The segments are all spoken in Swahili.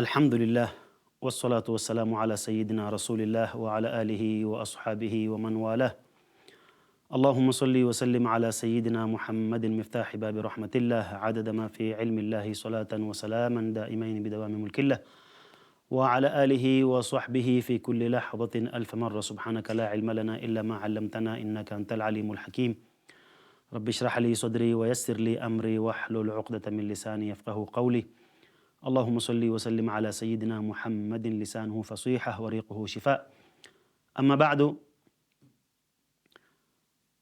الحمد لله والصلاة والسلام على سيدنا رسول الله وعلى آله وأصحابه ومن والاه اللهم صل وسلم على سيدنا محمد مفتاح باب رحمة الله عدد ما في علم الله صلاة وسلاما دائمين بدوام ملك الله وعلى آله وصحبه في كل لحظة ألف مرة سبحانك لا علم لنا إلا ما علمتنا إنك أنت العليم الحكيم رب اشرح لي صدري ويسر لي أمري واحلل عقدة من لساني يفقه قولي Allahumma salli wa sallim ala sayidina Muhammadin lisanuhu fasiha wa riquhu shifa. Amma ba'du,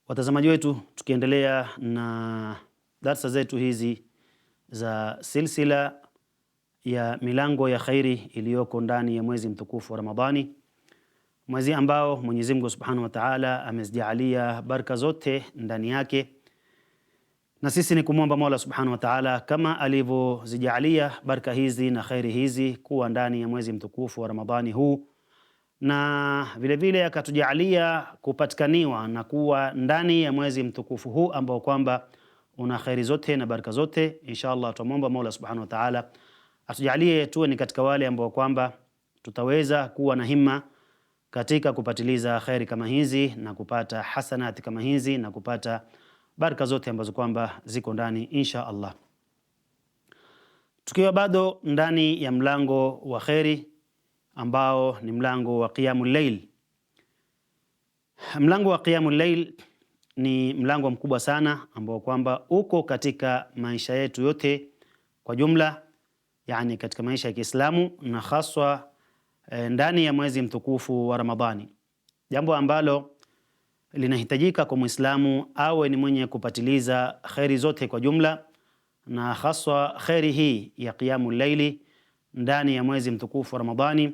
watazamaji wetu, tukiendelea na darsa zetu hizi za silsila ya milango ya khairi iliyoko ndani ya mwezi mtukufu wa Ramadhani, mwezi ambao Mwenyezi Mungu Subhanahu wa Ta'ala amezijaalia baraka zote ndani yake na sisi ni kumwomba Mola subhanahu wa taala kama alivyozijalia baraka hizi na khairi hizi kuwa ndani ya mwezi mtukufu wa Ramadhani huu na vilevile akatujalia kupatikaniwa na kuwa ndani ya mwezi mtukufu huu ambao kwamba una khairi zote na baraka zote. Insha Allah tutamwomba Mola subhanahu wa taala atujalie tuwe ni katika wale ambao kwamba tutaweza kuwa na himma katika kupatiliza khairi kama hizi na kupata hasanati kama hizi na kupata baraka zote ambazo kwamba ziko ndani insha Allah. Tukiwa bado ndani ya mlango wa kheri ambao ni mlango wa qiyamul layl. Mlango wa qiyamul layl ni mlango mkubwa sana ambao kwamba uko katika maisha yetu yote kwa jumla, yani katika maisha ya Kiislamu na haswa e, ndani ya mwezi mtukufu wa Ramadhani, jambo ambalo linahitajika kwa Muislamu awe ni mwenye kupatiliza kheri zote kwa jumla, na haswa kheri hii ya qiyamu laili ndani ya mwezi mtukufu wa Ramadhani,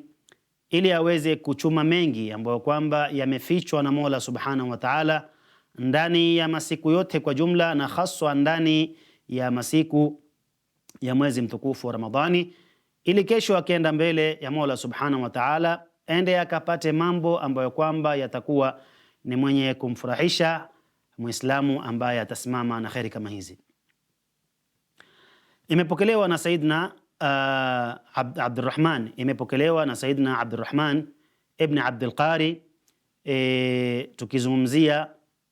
ili aweze kuchuma mengi ambayo kwamba yamefichwa na Mola Subhanahu wa Ta'ala ndani ya masiku yote kwa jumla, na haswa ndani ya masiku ya mwezi mtukufu wa Ramadhani, ili kesho akienda mbele ya Mola Subhanahu wa Ta'ala ende akapate mambo ambayo kwamba yatakuwa ni mwenye kumfurahisha Muislamu ambaye atasimama na kheri kama hizi. Imepokelewa na Saidna uh, Abd, Abdurrahman imepokelewa na Saidna Abdurrahman ibn Abdul Qari e, tukizungumzia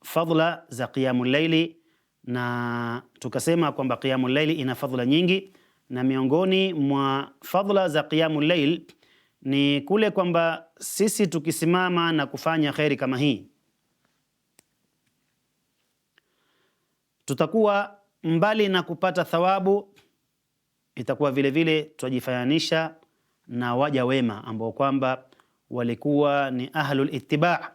fadhla za qiyamul laili na tukasema kwamba qiyamul laili ina fadhla nyingi, na miongoni mwa fadhla za qiyamul laili ni kule kwamba sisi tukisimama na kufanya kheri kama hii tutakuwa mbali na kupata thawabu, itakuwa vile vile tutajifananisha na waja wema ambao kwamba walikuwa ni ahlul ittiba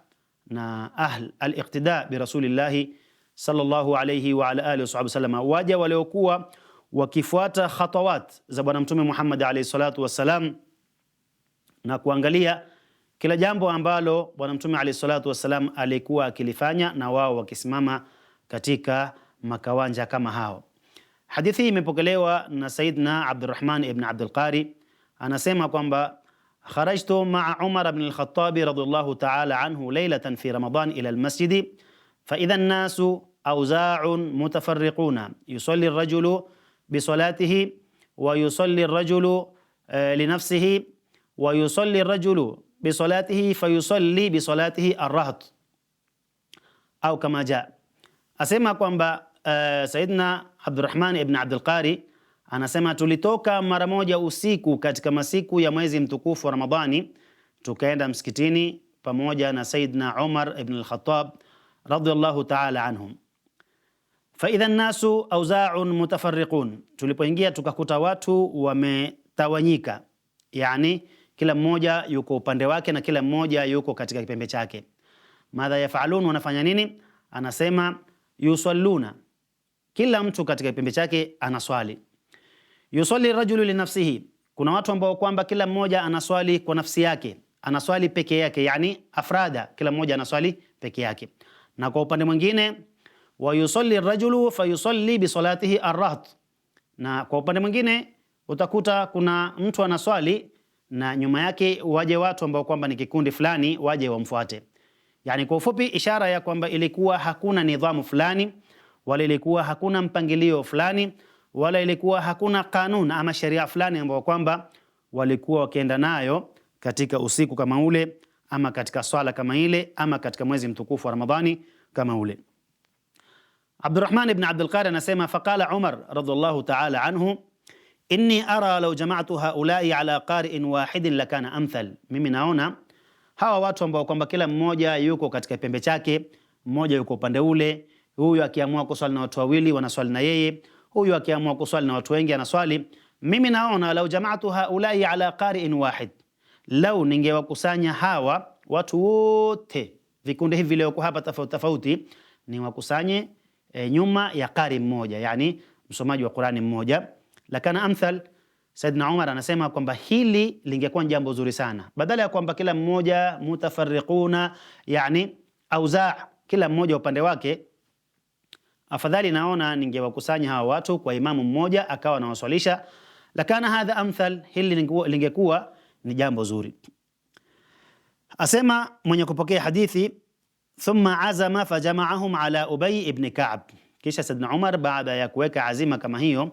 na ahl aliqtida bi rasulillahi sallallahu alayhi wa ala alihi wasallam, waja waliokuwa wakifuata khatawat za Bwana Mtume Muhammad alayhi salatu wassalam na kuangalia kila jambo ambalo Bwana Mtume alayhi salatu wassalam alikuwa akilifanya na wao wakisimama katika makawanja kama hao. Hadithi hii imepokelewa na Saidna Rahman ibn Abdul Qari anasema kwamba kharajtu maa Umar bn Alkhatabi radillahu taala anhu leilatan fi Ramadan ila almasjidi faidha nnasu auzaun mutafariquna yusali rajulu bisolatihi wa yusali rajulu linafsihi wa yusali rajulu bisolatihi fayusali bisolatihi arraht au kama jaa, asema kwamba uh, Saidna Abdurrahman ibn Abdul anasema tulitoka mara moja usiku katika masiku ya mwezi mtukufu wa Ramadhani, tukaenda msikitini pamoja na Saidna Umar ibn al-Khattab radhiyallahu ta'ala anhum. Fa idha an-nasu awza'un mutafarriqun, tulipoingia tukakuta watu wametawanyika, yani kila mmoja yuko upande wake na kila mmoja yuko katika kipembe chake. Madha yafalun, wanafanya nini? Anasema yusalluna kila mtu katika kipembe chake anaswali. Yusalli rajulu linafsihi, kuna watu ambao kwamba kila mmoja anaswali kwa nafsi yake, anaswali peke yake, yani afrada, kila mmoja anaswali peke yake. Na kwa upande mwingine wa yusalli rajulu fayusalli bi salatihi arraht, na kwa upande mwingine utakuta kuna mtu anaswali na nyuma yake waje watu ambao kwamba ni kikundi fulani waje wamfuate. Yani kwa ufupi, ishara ya kwamba ilikuwa hakuna nidhamu fulani wala ilikuwa hakuna mpangilio fulani, wala ilikuwa hakuna kanun ama sheria fulani ambayo kwamba walikuwa wakienda nayo katika usiku kama ule ama katika swala kama ile ama katika mwezi mtukufu wa Ramadhani kama ule. Abdurrahman ibn Abdul Qari anasema faqala Umar radhiallahu ta'ala anhu inni ara law jama'tu haulai ala qari'in wahidin lakana amthal, mimi naona hawa watu ambao kwamba kila mmoja yuko katika pembe chake, mmoja yuko upande ule, Huyu akiamua kuswali na watu wawili wanaswali na yeye, huyu akiamua kuswali na watu wengi anaswali. Mimi naona lau jamaatu haulai ala qari'in wahid, lau ningewakusanya hawa watu wote vikundi hivi vilioko hapa tofauti tofauti, ni wakusanye e, eh, nyuma ya qari mmoja, yani msomaji wa Qur'ani mmoja. Lakana amthal Saidna Umar anasema kwamba hili lingekuwa jambo zuri sana, badala ya kwamba kila mmoja mutafarriquna, yani auzaa, kila mmoja upande wake afadhali naona ningewakusanya hawa watu kwa imamu mmoja akawa anawaswalisha. Lakana hadha amthal, hili lingekuwa ni jambo zuri. Asema mwenye kupokea hadithi, thumma azama fajamaahum ala Ubay ibn Ka'b, kisha Saidna Umar baada ya kuweka azima kama hiyo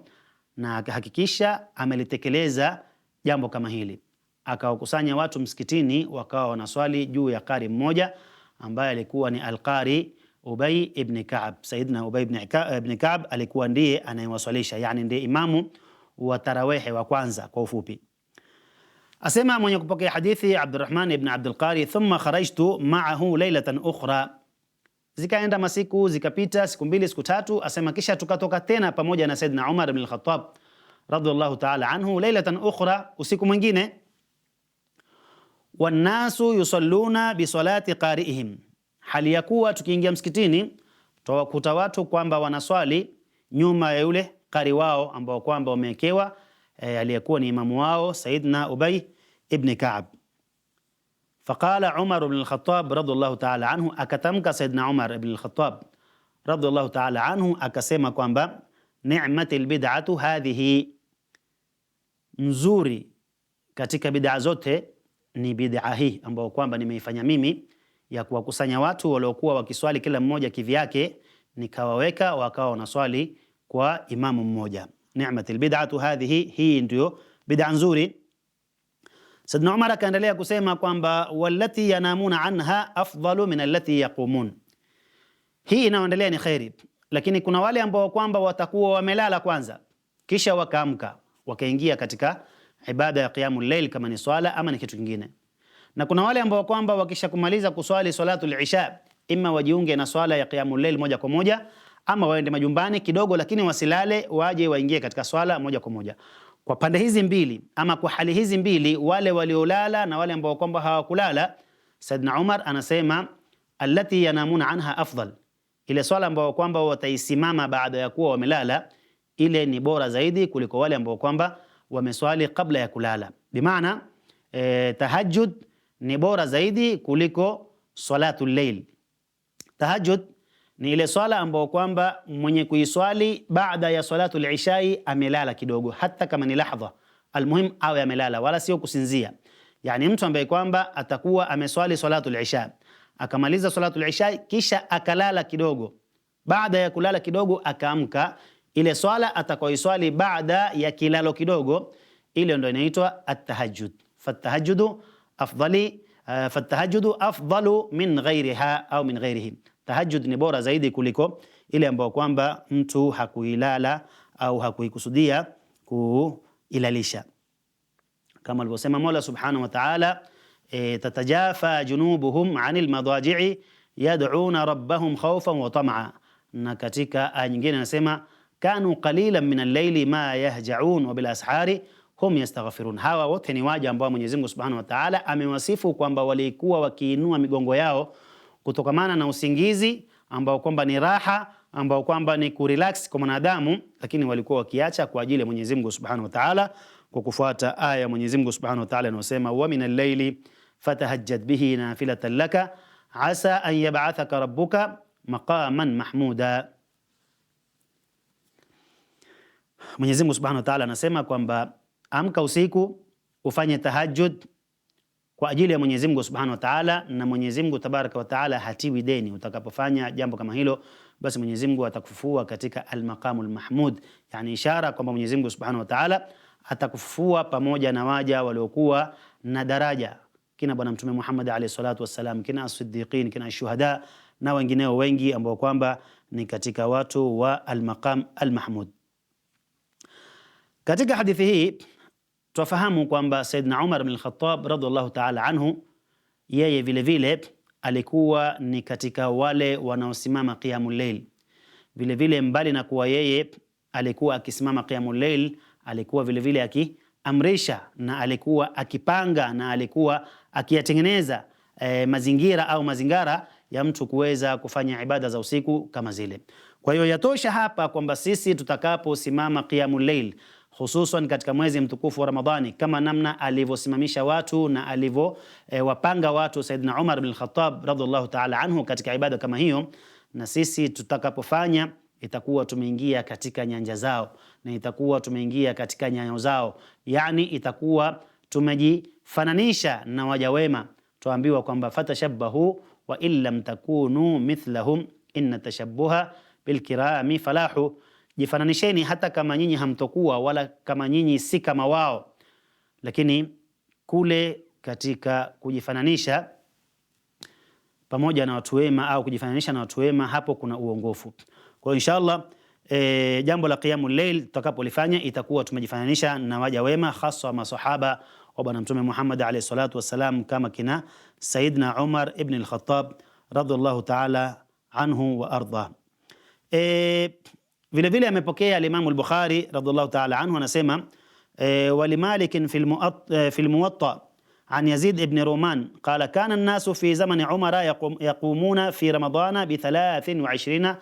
na akahakikisha amelitekeleza jambo kama hili, akawakusanya watu msikitini, wakawa wanaswali juu ya qari mmoja ambaye alikuwa ni alqari Ubay ibn Kaab. Saidna Ubay ibn Kaab alikuwa ndiye anayewaswalisha, yani ndiye imamu wa tarawehe wa kwanza. Kwa ufupi asema mwenye kupokea hadithi Abdurrahman ibn Abdul Qari, thumma kharajtu ma'ahu laylatan ukhra, zikaenda masiku zikapita, siku mbili siku tatu. Asema kisha tukatoka tena pamoja na Saidna Umar ibn al-Khattab radhiallahu ta'ala anhu, laylatan ukhra, usiku mwingine, wannasu yusalluna bi salati qari'ihim hali ya kuwa tukiingia msikitini twawakuta watu kwamba wanaswali nyuma ya yule kari wao ambao kwamba wamewekewa e, aliyekuwa ni imamu wao Saidna Ubay ibn Ka'b. Faqala Umar ibn al-Khattab radhiyallahu ta'ala anhu, akatamka Saidna Umar ibn al-Khattab radhiyallahu ta'ala anhu akasema kwamba ni'matil bid'atu hadhihi, nzuri katika bid'a zote ni bid'a hii ambayo kwamba nimeifanya mimi ya kuwakusanya watu waliokuwa wakiswali kila mmoja kivyake, nikawaweka wakawa wanaswali kwa imamu mmoja. Ni'matil bid'atu hadhihi, hii ndio bid'a nzuri. Saidna Umar akaendelea kusema kwamba wallati yanamuna anha afdalu min allati yaqumun, hii inaendelea ni khairi, lakini kuna wale ambao kwamba watakuwa wamelala kwanza kisha wakaamka wakaingia katika ibada ya qiyamul layl, kama ni swala ama ni kitu kingine na kuna wale ambao kwamba wakishakumaliza kuswali swalatul isha, imma wajiunge na swala ya qiyamul layl moja kwa moja, ama waende majumbani kidogo, lakini wasilale, waje waingie katika swala moja kwa moja. Kwa pande hizi mbili ama kwa hali hizi mbili, wale waliolala na wale ambao kwamba hawakulala, Saidna Umar anasema allati yanamuna anha afdal, ile swala ambao kwamba wataisimama baada ya kuwa wamelala, ile ni bora zaidi kuliko wale ambao kwamba wameswali kabla ya kulala, bimaana eh, tahajjud ni bora zaidi kuliko salatu llail. Tahajjud ni ile swala ambayo kwamba mwenye kuiswali baada ya salatu lishai amelala kidogo, hata kama ni lahdha, almuhim awe amelala, wala sio kusinzia. Yani mtu ambaye kwamba atakuwa ameswali salatu lisha akamaliza salatu lisha kisha akalala kidogo, baada ya kulala kidogo akaamka, ile swala atakoiswali baada ya kilalo kidogo, ile ndio inaitwa at-tahajjud. fat fatahajudu افضل آه، فالتهجد افضل من غيرها او من غيرهم تهجد نبورا زايد كوليكو الى ان كوانبا انتو حكو هلالا او حكو كسوديا كو الى ليشا كما البوسيما مولا سبحانه وتعالى آه، تتجافى جنوبهم عن المضاجع يدعون ربهم خوفا وطمعا نكتيكا انجينا آه، سيما كانوا قليلا من الليل ما يهجعون وبالاسحار hum yastaghfirun, hawa wote ni waja ambao Mwenyezi Mungu Subhanahu wa Ta'ala amewasifu kwamba walikuwa wakiinua migongo yao kutokamana na usingizi ambao kwamba ni raha ambao kwamba ni kurelax kwa mwanadamu, lakini walikuwa wakiacha kwa ajili ya Mwenyezi Mungu Subhanahu wa Ta'ala kwa kufuata aya ya Mwenyezi Mungu Subhanahu wa Ta'ala inayosema wa minal layli fatahajjad bihi nafilatan laka asa an yab'athaka rabbuka maqaman mahmuda. Mwenyezi Mungu Subhanahu wa Ta'ala anasema kwamba amka usiku ufanye tahajjud kwa ajili ya Mwenyezi Mungu Subhanahu wa Ta'ala, na Mwenyezi Mungu Tabaraka wa Ta'ala hatiwi deni. Utakapofanya jambo kama hilo, basi Mwenyezi Mungu atakufufua katika al-maqamul mahmud, yani ishara kwamba Mwenyezi Mungu Subhanahu wa Ta'ala atakufufua pamoja na waja waliokuwa na daraja, kina Bwana Mtume Muhammad alayhi salatu wassalam, kina as-siddiqin, kina shuhada na wengineo wengi ambao kwamba ni katika watu wa al-maqam al-mahmud. Katika hadithi hii Twafahamu kwamba Saidna Umar bin Khattab radhiallahu taala anhu yeye vile vile alikuwa ni katika wale wanaosimama qiyamul layl. Vile vile mbali na kuwa yeye alikuwa akisimama qiyamul layl, alikuwa vile vile akiamrisha na alikuwa akipanga na alikuwa akiyatengeneza e, mazingira au mazingara ya mtu kuweza kufanya ibada za usiku kama zile. Kwa hiyo yatosha hapa kwamba sisi tutakaposimama qiyamul layl hususan katika mwezi mtukufu wa Ramadhani, kama namna alivyosimamisha watu na alivyowapanga eh, e, watu Saidina Umar bin Khattab radhiallahu ta'ala anhu katika ibada kama hiyo, na sisi tutakapofanya itakuwa tumeingia katika nyanja zao na itakuwa tumeingia katika nyayo zao, yani itakuwa tumejifananisha na waja wema. twaambiwa kwamba fatashabahu wa in lam takunu mithlahum inna tashabbuha bilkirami falahu jifananisheni hata kama nyinyi hamtokuwa wala kama nyinyi si kama wao. Lakini kule katika kujifananisha pamoja na watu wema au kujifananisha na watu wema, hapo kuna uongofu. Kwa hiyo inshallah E, eh, jambo la qiyamul layl tutakapolifanya itakuwa tumejifananisha na waja wema, hasa masahaba wa bwana Mtume Muhammad alayhi salatu wassalam, kama kina Saidna Umar ibn al-Khattab radhiallahu ta'ala anhu wa arda. E, Vilevile amepokea al-Imam al-Bukhari radhiallahu ta'ala anhu anasema e, walimalikin fil muwatta fil muwatta an Yazid ibn Ruman qala kana an-nasu fi zamani Umara yaqumuna fi Ramadana bi 23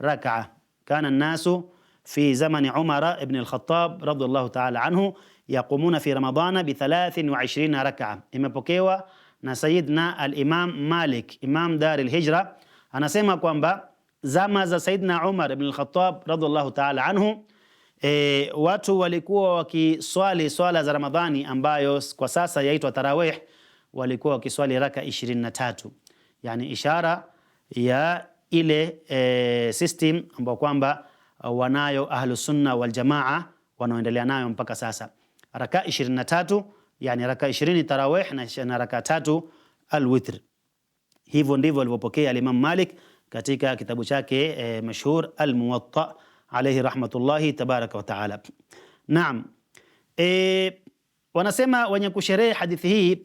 rak'a kana an-nasu في زمن عمر بن الخطاب رضي الله تعالى عنه يقومون في رمضان بثلاث وعشرين ركعة إما na Sayyidna al-Imam Malik, Imam Dar al-Hijra anasema kwamba zama za Saidna Umar ibn al-Khattab radhiallahu ta'ala anhu e, watu walikuwa wakiswali swala za Ramadhani ambayo kwa sasa yaitwa tarawih, walikuwa wakiswali raka 23, yani ishara ya ile e, system ambayo kwamba wanayo Ahlusunna Waljamaa wanaoendelea nayo mpaka sasa, raka 23, yani raka 20 tarawih na raka tatu alwitr. Hivyo ndivyo alivyopokea Imam Malik katika kitabu chake e, eh, mashhur Almuwatta alayhi rahmatullahi tabaraka wa taala. Naam, e, wanasema wenye kusherehe hadithi hii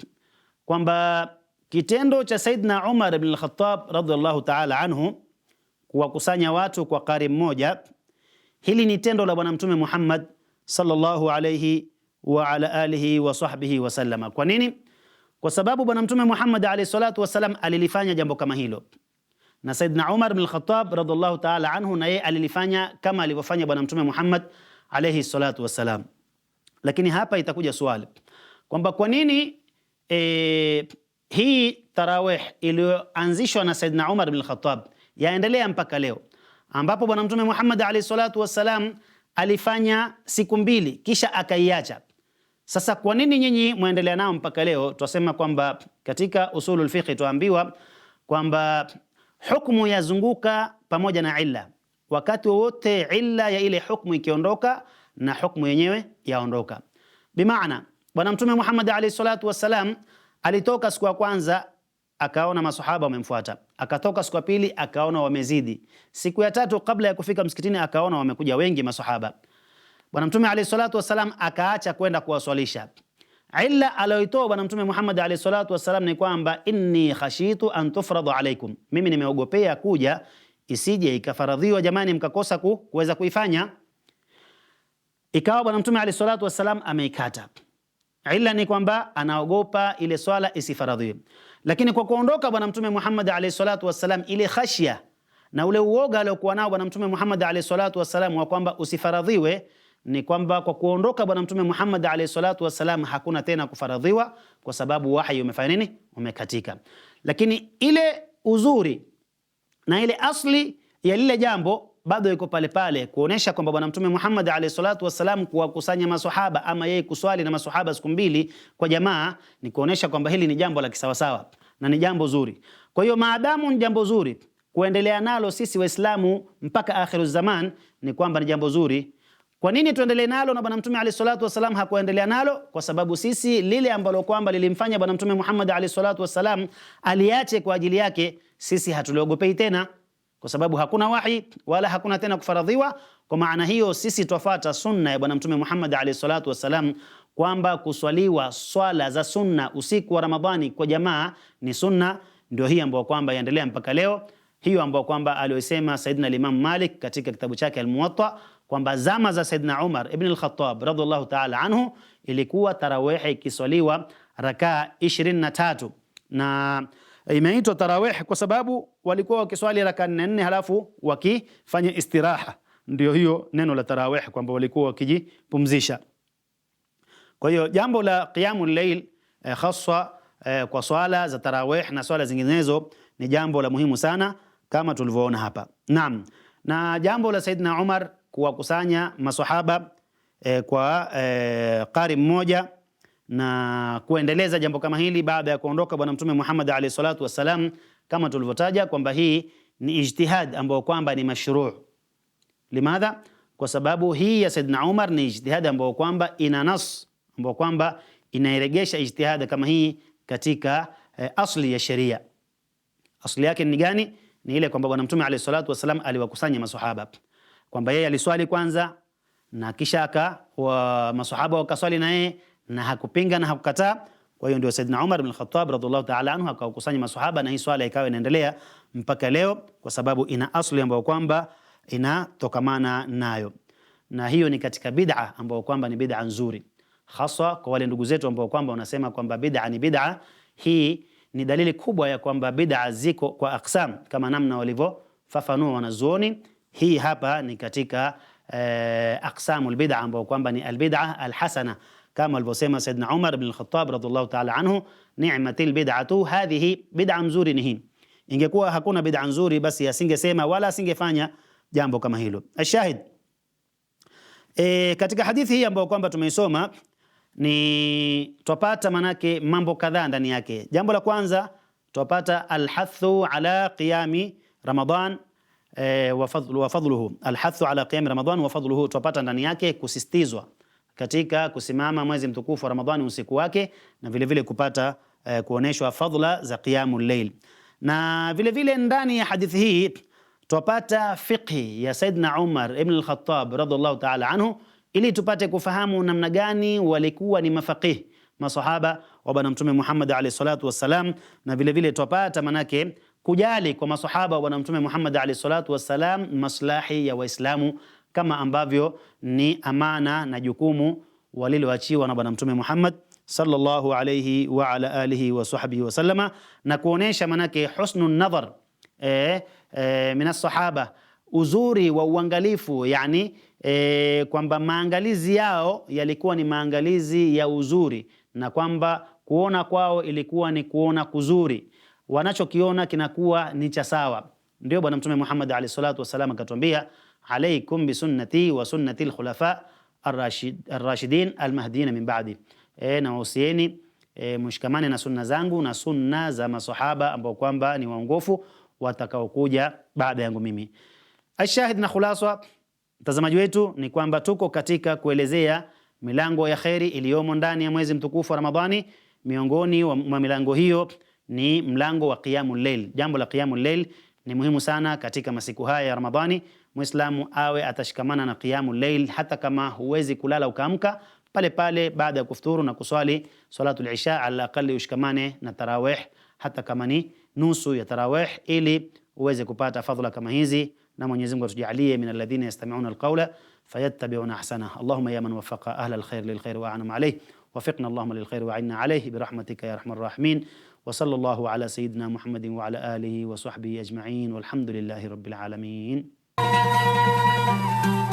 kwamba kitendo cha Saidna Umar ibn al-Khattab radhiallahu taala anhu kuwakusanya watu kwa kari mmoja, hili ni tendo la Bwana Mtume Muhammad sallallahu alayhi wa ala alihi wa sahbihi wasallama. Kwa nini? Kwa sababu Bwana Mtume Muhammad alayhi salatu wasalam alilifanya jambo kama hilo na Saidna Umar bin khattab radhiallahu taala anhu, na yeye alilifanya kama alivyofanya Bwana Mtume Muhammad alayhi salatu wassalam. Lakini hapa itakuja swali kwamba kwa nini e, hii tarawih iliyoanzishwa na Saidna Umar bin khattab yaendelea mpaka leo ambapo Bwana Mtume Muhammad alayhi salatu wassalam alifanya siku mbili kisha akaiacha. Sasa kwa nini nyinyi mwendelea nao mpaka leo? Twasema kwamba katika usulul fiqh tuambiwa kwamba hukmu yazunguka pamoja na illa. Wakati wowote illa ya ile hukmu ikiondoka na hukmu yenyewe yaondoka. Bimaana Bwana Mtume Muhammad alayhi salatu wassalam alitoka siku ya kwanza akaona masahaba wamemfuata, akatoka siku ya pili akaona wamezidi, siku ya tatu kabla ya kufika msikitini akaona wamekuja wengi masahaba. Bwana Mtume alayhi salatu wassalam akaacha kwenda kuwaswalisha Ila aliyoitoa Bwana Mtume Muhammad alayhi salatu wasalam ni kwamba inni khashitu an tufradu alaikum, mimi nimeogopea kuja isije ikafaradhiwa jamani, mkakosa ku, kuweza kuifanya. Ikawa Bwana Mtume alayhi salatu wasalam ameikata. Ila ni kwamba anaogopa ile swala isifaradhiwe, lakini kwa kuondoka Bwana Mtume Muhammad alayhi salatu wasalam, ile khashia na ule uoga aliokuwa nao Bwana Mtume Muhammad alayhi salatu wasalam wa kwamba usifaradhiwe ni kwamba kwa kuondoka Bwana Mtume Muhammad alayhi salatu wasalam hakuna tena kufaradhiwa, kwa sababu wahyi umefanya nini? Umekatika. Lakini ile uzuri na ile asli ya lile jambo bado iko pale pale, kuonesha kwamba Bwana Mtume Muhammad alayhi salatu wasalam kuwakusanya maswahaba ama yeye kuswali na maswahaba siku mbili kwa jamaa ni kuonesha kwamba hili ni jambo la kisawasawa na ni jambo zuri. Kwa hiyo maadamu ni jambo zuri kuendelea nalo sisi Waislamu mpaka akhiru zaman, ni kwamba ni jambo zuri kwa nini tuendelee nalo na Bwana Mtume alayhi salatu wassalam hakuendelea nalo? Kwa sababu sisi lile ambalo kwamba lilimfanya Bwana Mtume Muhammad alayhi salatu wassalam aliache kwa ajili yake, sisi hatuliogopei tena, kwa sababu hakuna wahi wala hakuna tena kufaradhiwa. Kwa maana hiyo, sisi twafuata sunna ya Bwana Mtume Muhammad alayhi salatu wassalam kwamba kuswaliwa swala za sunna usiku wa Ramadhani kwa jamaa ni sunna, ndio hii ambayo kwamba iendelea mpaka leo, hiyo ambayo kwamba aliyosema Saidina Imam Malik katika kitabu chake Al-Muwatta kwamba zama za Saidna Umar ibn al-Khattab radhiallahu ta'ala anhu ilikuwa tarawehe ikiswaliwa rakaa 23 na imeitwa tarawih kwa sababu walikuwa wakiswali raka nne nne halafu wakifanya istiraha. Ndio hiyo neno la tarawih, kwamba walikuwa wakijipumzisha. Kwa hiyo jambo la qiyamul layl eh, haswa eh, kwa swala za tarawih na swala zinginezo ni jambo la muhimu sana kama tulivyoona hapa. Naam, na jambo la Saidna Umar kuwakusanya maswahaba e, kwa e, qari mmoja na kuendeleza jambo kama hili baada ya kuondoka Bwana Mtume Muhammad alayhi salatu wassalam, kama tulivyotaja kwamba hii ni ijtihad ambayo kwamba ni mashruu. Limadha? Kwa sababu hii ya Saidna Umar ni ijtihad ambayo kwamba ina nas ambayo kwamba inairegesha ijtihad kama hii katika eh, asli ya sheria. Asli yake ni gani? Ni ile kwamba Bwana Mtume alayhi salatu wassalam aliwakusanya maswahaba kwamba yeye aliswali kwanza na kisha aka wa masahaba wakaswali na yeye na hakupinga na hakukataa. Kwa hiyo ndio Saidna Umar bin Khattab radhiallahu ta'ala anhu akawakusanya masahaba na hii swala ikawa inaendelea mpaka leo, kwa sababu ina asli ambayo kwamba inatokamana nayo, na hiyo ni katika bid'a ambayo kwamba ni bid'a nzuri, hasa kwa wale ndugu zetu ambao kwamba wanasema kwamba bid'a ni bid'a. Hii ni dalili kubwa ya kwamba bid'a ziko kwa aksam, kama namna walivyofafanua wanazuoni hii hapa ni katika eh, aqsamul bid'a ambayo kwamba ni albid'a alhasana kama alivyosema Saidna Umar ibn al-Khattab radhiallahu ta'ala anhu, ni'matil bid'atu hadhihi, bid'a nzuri ni hii. Ingekuwa hakuna bid'a nzuri, basi asingesema wala asingefanya jambo kama hilo. Ashahid, e, eh, katika hadithi hii ambayo kwamba tumeisoma ni twapata manake mambo kadhaa ndani yake. Jambo la kwanza twapata alhathu ala qiyami Ramadan e, wa alhathu ala qiyam Ramadhan wa fadhluhu, ndani yake kusisitizwa katika kusimama mwezi mtukufu wa Ramadhani usiku wake na vile vile kupata e, kuoneshwa fadhila za qiyamul layl. Na vile vile ndani ya hadithi hii twapata fiqhi ya Saidna Umar ibn al-Khattab radhiallahu ta'ala anhu, ili tupate kufahamu namna gani walikuwa ni mafaqihi masahaba wa Bwana Mtume Muhammad alayhi salatu wassalam, na vile vile tupata manake kujali kwa masahaba wa Bwana Mtume Muhammad alayhi salatu wassalam, maslahi ya Waislamu kama ambavyo ni amana na jukumu waliloachiwa na Bwana Mtume Muhammad sallallahu alayhi wa ala alihi wa sahbihi wa sallama, na kuonesha manake husnun nadhar e, eh, e, eh, min sahaba uzuri wa uangalifu yani e, kwamba maangalizi yao yalikuwa ni maangalizi ya uzuri na kwamba kuona kwao ilikuwa ni kuona kuzuri wanachokiona kinakuwa ni cha sawa. Ndio Bwana Mtume Muhammad alayhi salatu wasalam akatuambia, alaikum bisunnati wa sunnati alkhulafa arrashidin almahdiyina min ba'di, e, na wausieni e, mshikamane na sunna zangu na sunna za masahaba ambao kwamba ni waongofu watakaokuja baada yangu mimi. Ashahid na khulasa, mtazamaji wetu, ni kwamba tuko katika kuelezea milango ya kheri iliyomo ndani ya mwezi mtukufu wa Ramadhani. Miongoni mwa milango hiyo ni mlango wa qiyamul layl. Jambo la qiyamul layl ni muhimu sana katika masiku haya ya Ramadhani. Muislamu awe atashikamana na qiyamul layl, hata kama huwezi kulala ukaamka pale pale baada ya kufuturu na kuswali salatul lisha ala aqali ushikamane na tarawih, hata kama ni nusu ya tarawih, ili uweze kupata fadhila kama hizi, na Mwenyezi Mungu atujalie min alladhina yastami'una alqawla فيتبعون أحسنه اللهم يا من وفق أهل الخير للخير وأعنم عليه وفقنا اللهم للخير وعنا عليه برحمتك يا أرحم الراحمين وصلى الله على سيدنا محمد وعلى اله وصحبه اجمعين والحمد لله رب العالمين